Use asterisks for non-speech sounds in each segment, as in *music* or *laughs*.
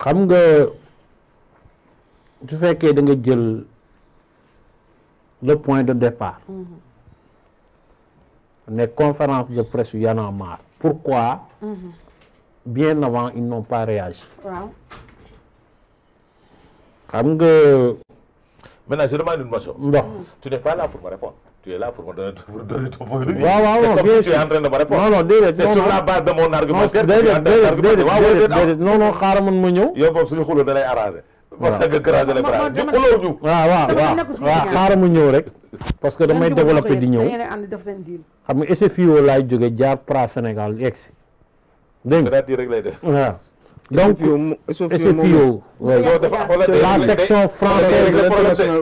Comme tu fais que da nga jël le point de départ les mm-hmm. conférences de presse il Y en a marre pourquoi mm-hmm. bien avant ils n'ont pas réagi Comme maintenant je demande une motion tu n'es pas là pour me répondre tu es là pour me donner, pour donner ton point de vue. Wow, wow, c'est comme si tu es en train de me répondre. Non, non, déedéet. C'est sur la base de mon argumentaire. Non, déedéet, déedéet, déedéet, déedéet. Non, non, xaaral man ma ñëw. yow boobu suñu xuloo da lay arrangé. parce que grager les bras ñu xuloo ñu. waaw waaw waaw xaaral ma ñëw rek. parce que damay développé di ñëw. xam nga SFIO laay jóge jaar pra Sénégal yegg si. dégg nga rek lay def waaw. donc SFIO la section française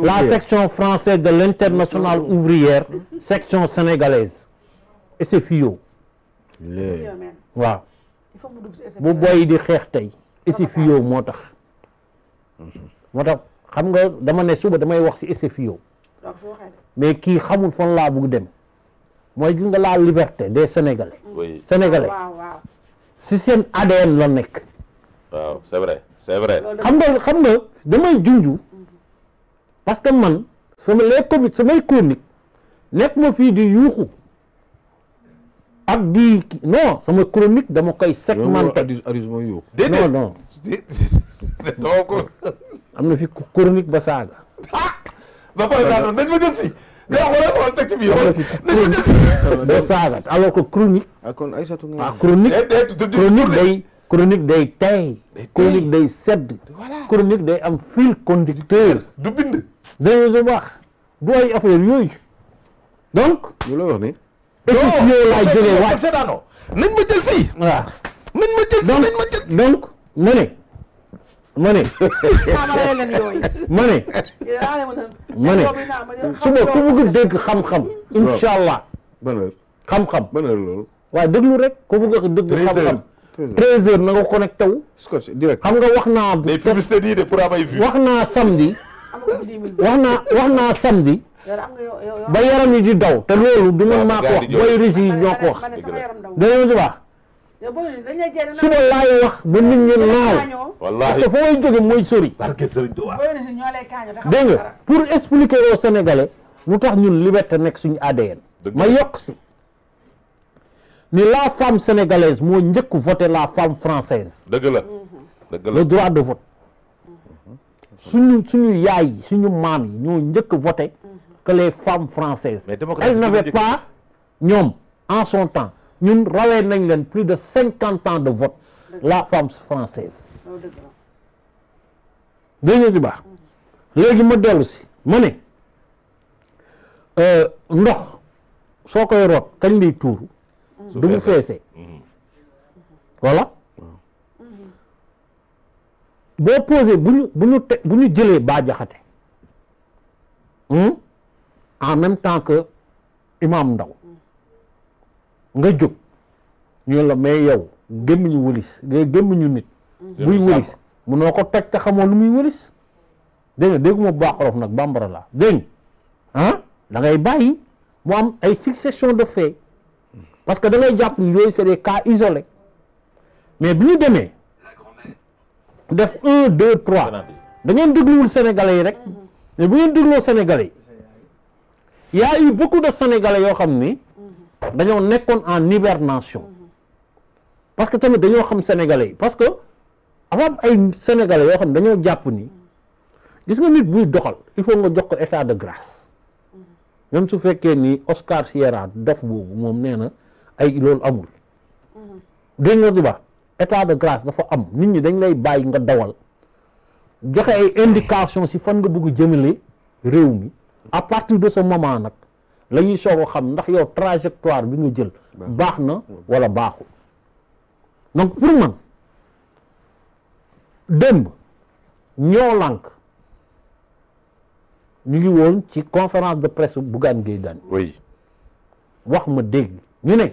la section française de l'internationale ouvrière section sénégalaise SFIO waaw bu boy di xeex tey SFIO moo tax moo tax xam nga dama ne suba damay wax ci SFIO mais kii xamul fan laa bugg dem mooy gis nga la liberté des sénégalais sénégalais ah, si seen ADN la nekk waaw c'est vrai c'est vrai. xam nga xam nga damay junju parce que man sama les comiques samay chronique nekk ma fii di yuuxu ak di non sama chronique dama koy segmenté. non non. *laughs* am na fi chronique ba saaga. ah ba pare daal nañ ma jël si. mais xoolal xool teg ci biir xool nañ ma jël si. ay chronique. chronique ah, ah, day. chronique day tay chronique day sedd chronique day am fil conducteur du bind dañu du wax du ay affaire yooyu donc ñu la wax ni équipe yooyu laa jógee waat seetaanoo nañ ma jël si waaw nañ ma jël si nañ ma jël donc ma ne ma ne *laughs* ma ne ma ne suba ku bëgg dégg xam-xam incha allah xam-xam waaw déglu rek ku bëgg dégg xam-xam treize heures na nga connecté wu. scotch direct xam nga wax naa. mais publicité nii de pour wax naa samedi. wax naa wax naa samedi. ba yaram yi di daw. te loolu du ma maa ko wax booy Russie yi ñoo ko wax. dëgg la si baax. suba laay wax ba nit ñi naaw. wallaahi parce foo may jóge mooy sori. dégg nga pour expliquer aux Sénégalais lu tax ñun liberté nekk suñu ADN. ma yokk si. ni la femme sénégalaise mo ñëk voté la femme française deug la mhm. la le droit de vote suñu suñu yaay suñu maam nous ñoo njëkk voté mhm. que les femmes françaises elles n'avaient pas ñom en son temps ñun rawé nañ plus de 50 ans de vote la femme française oh, dégg di baax modèles ma aussi. si mané euh ndox soo root kañ lay du fessé mhm. voilà mhm. boo posé buñu buñu bah hmm, en même temps que Imam Ndaw mhm. nga ñu la mais yow nit buy wulis ko te xamoo lu muy wulis dégg nga dégguma bah bambara la dégg hein da ngay bàyyi am ay succession de faits parce que dans les Japonais, c'est des cas isolés. Mais bien demain, de 1, 2, 3, de même double Sénégalais, mm -hmm. et bien Sénégalais. Il y a eu beaucoup de Sénégalais qui mm -hmm. ont été en hibernation. Parce que tu as dit Sénégalais. Parce que, avant les Sénégalais, tu es Japonais. Mm -hmm. Tu sais que tu il faut que tu aies état de grâce. Mm -hmm. Même si tu fais que Oscar Sierra, tu es un homme. ay loolu amul. dégg nga du baax état de grâce dafa am nit ñi dañ lay bàyyi nga dawal joxe ay indication si fan nga bugg jëmale réew mi à partir de ce moment nag lañuy ñuy a xam ndax yow trajectoire bi nga jël. baax na wala baaxu donc pour man démb ñoo lànk ñu ngi woon ci conférence de presse Bougane Gueye Dany. oui wax ma dégg ñu ne.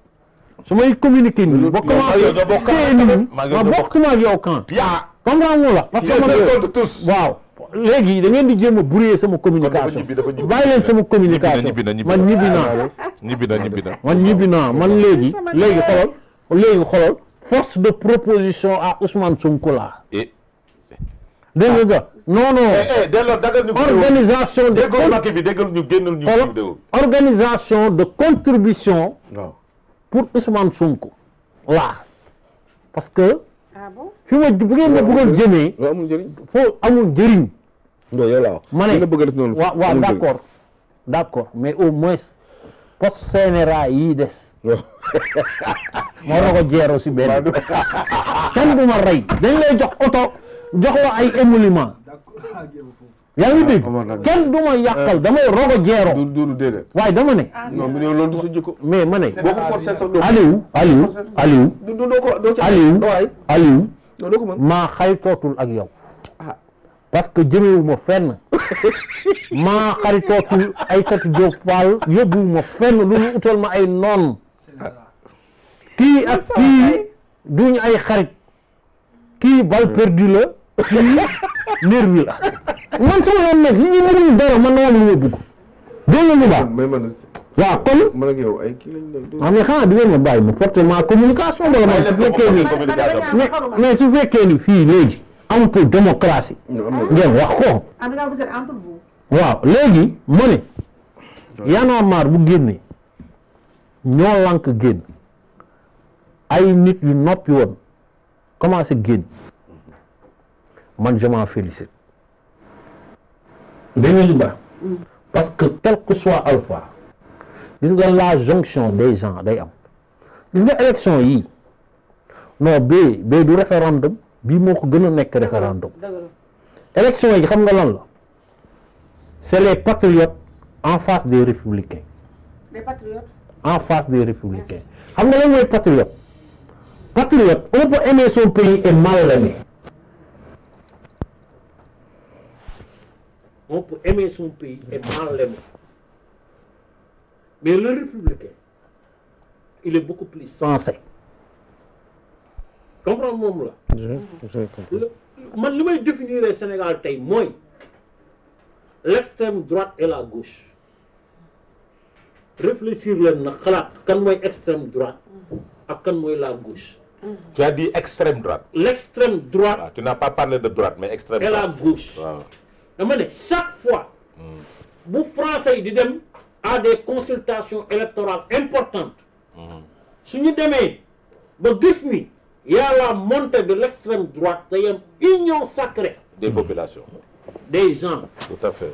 Je may communiquer nii communication sama communication man man force de proposition à Ousmane Sonko eh. non non eh, eh, organisation de organisation de contribution pour Ousmane Sonko laa parce que. Ah fi ma bu ngeen ma bëggoon jëmee. amul njëriñ foo amul jëriñ do yow la wax ma bëgg def non wa accord d'accord accord mais au moins post CNRA yi dess *laughs* moo na ko jéro ci benn kenn du ma rey dañ lay jox auto jox la ay d'accord *laughs* ah, yaa ngi dégg kenn du yàqal damay rogo jeero. du waaye dama ne. Ah, non mais loolu du ma ne. boo ko forcé sax doo maa xaritootul ak yow. Ah. parce que jëmewu ma fenn *laughs* maa xaritootul ay sati Diop Fall yóbbuwu fenn lu ñu ma ay noon kii ak kii ay xarit kii bal perdu Hmm? nervi la man sama yoon nekk ñu mënul dara man na wàllu ñu dugg dégg nga ñu baax waaw kon man ak yow kii lañ xam ne ah, xanaa di ngeen ma bàyyi ma porté ma communication wala man su fekkee ni mais su fekkee ni fii léegi amul démocratie ngeen wax ko waaw léegi mu yaa yaanaa maar bu génne ñoo lànk génn ay nit yu noppi woon commencé génn man je m'en félicite. beneen ba mm. parce que quel que soit alpha gis nga la jonction des gens day am gis nga élection non b b du référendum bimouk moo ko gën référendum élection yi xam c'est les patriotes en face des républicains les patriotes en face des républicains xam nga lan patriote patriote on peut aimer son pays et mal l'aimer on peut aimer son pays et mal l'aimer. Mais le républicain, il est beaucoup plus sensé. Comprends moi là. Je, je comprends. man vais définir Sénégal tey l'extrême droite et la gauche réfléchir le quand quand kan extrême droite à kan moi la gauche. tu as dit extrême droite. l'extrême droite. Ah, tu n'as pas parlé de droite mais extrême droite et la gauche chaque fois bu français à des consultations électorales importantes suñu nous ba il y a la montée de l'extrême droite C'est une union sacrée des populations des gens tout à fait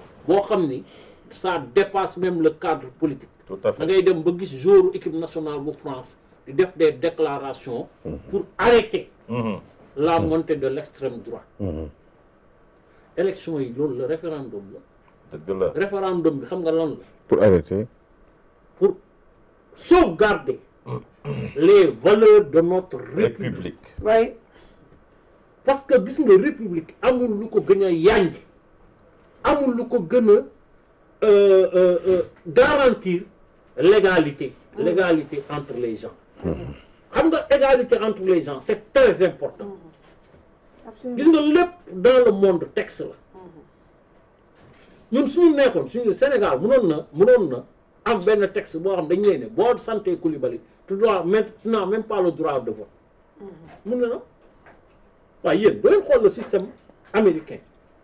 ça dépasse même le cadre politique tout à fait ngay dem ba équipe nationale bu France des déclarations mm-hmm. pour arrêter mm-hmm. la mm-hmm. montée de l'extrême droite élection yi le référendum la. dëgg référendum bi xam nga lan pour arrêter. pour sauvegarder. les valeurs de notre république. oui parce que gis nga république amul lu ko gën a amul lu ko gën euh, euh, euh, garantir l'égalité mm. l'égalité entre les gens mm-hmm. xam égalité entre les gens c'est très important mm. Ils nga dans le monde texte la mhm. ñun suñu neexoon Sénégal mënoon na mënoon na am benn texte xam santé tu dois maintenant même pas le droit de vote mhm. mun na na le système américain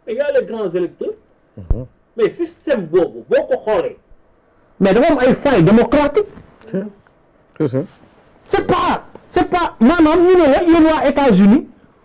Il y a les grands électeurs mhm. mais système boobu boo ko mais dafa am ay failles démocratiques c'est pas c'est pas maanaam ñu ne la yéen États-Unis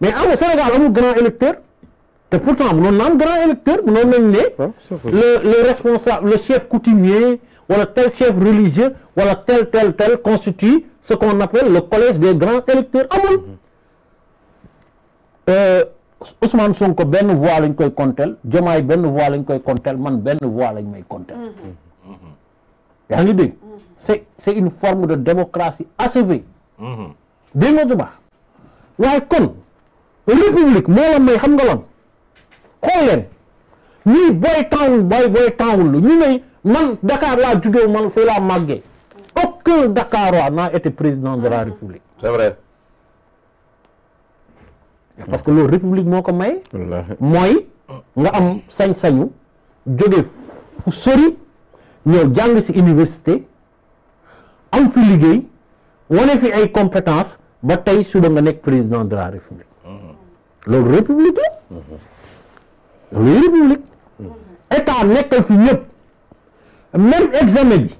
mais amul a un grand électeur et pourtant nous avons un grand électeur nous avons ah, le responsable le chef coutumier ou le tel chef religieux ou wala tel tel tel constitue ce qu'on appelle le collège des grands électeurs mhm. euh, Ousmane Sonko Ben voix lañ koy compter Diomaye benn voix nous koy compter man benn voix lañ may compter une mhm. mhm. ngi c'est c'est une forme de démocratie achevée dégg nga bu république moo la may xam nga lan xool leen ñuy booy taawul booy booy taawul lu ñu ne man Dakar laa juddoo man fii laa màggee aucun Dakarois n'a président la ah. république. parce que loolu république moo ko may. mooy nga am sañ-sañu jóge fu sori ñëw jàng ci université am fi liggéey wane fi ay compétences ba tey suba nga nekk président de la république. loolu république la république mhm. état nekkal fi ñëpp même examen bi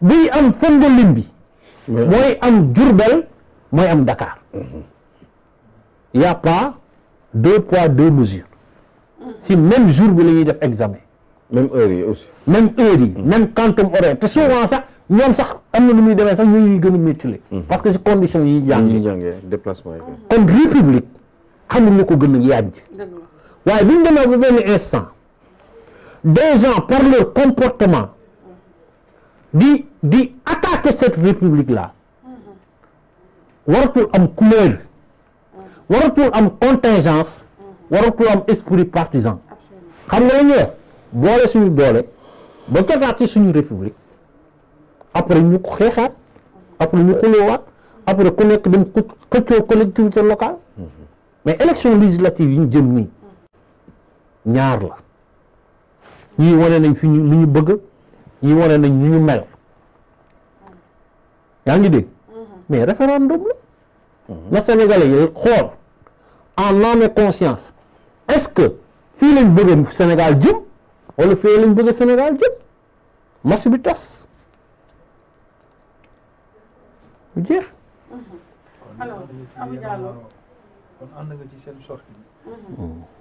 buy am fongolim bi mooy am Diourbel mooy am Dakar mhm. y a pas deux poids deux mesures mhm. si même jour bi la ñuy def examen même heure yi aussi même heure yi même quantum horaire te souvent sax ñoom sax am na lu muy demee sax ñuy gën a mutilé parce que si condition yi jàngee déplacement yi kon république ñu ko des gens par leur comportement di di attaquer cette république là mm-hmm. am couleur mm-hmm. am contingence mm-hmm. am esprit partisan xam nga lañu suñu ba république après ñu après ñu après ku collectivité locale mais élection législative yi jëm nii ñaar la ñuy wane nañ fi lu bëgg ñuy wane nañ ñu mel yaa ngi dégg mhm. mais référendum la na Sénégalais yi xool en âme et conscience est-ce que fii lañ bëgg Sénégal jëm wala fii lañ bëgg Sénégal jëm marché bi tas jeex mhm. kon ànd nga ci seen sortie bi mm-hmm. Mm-hmm.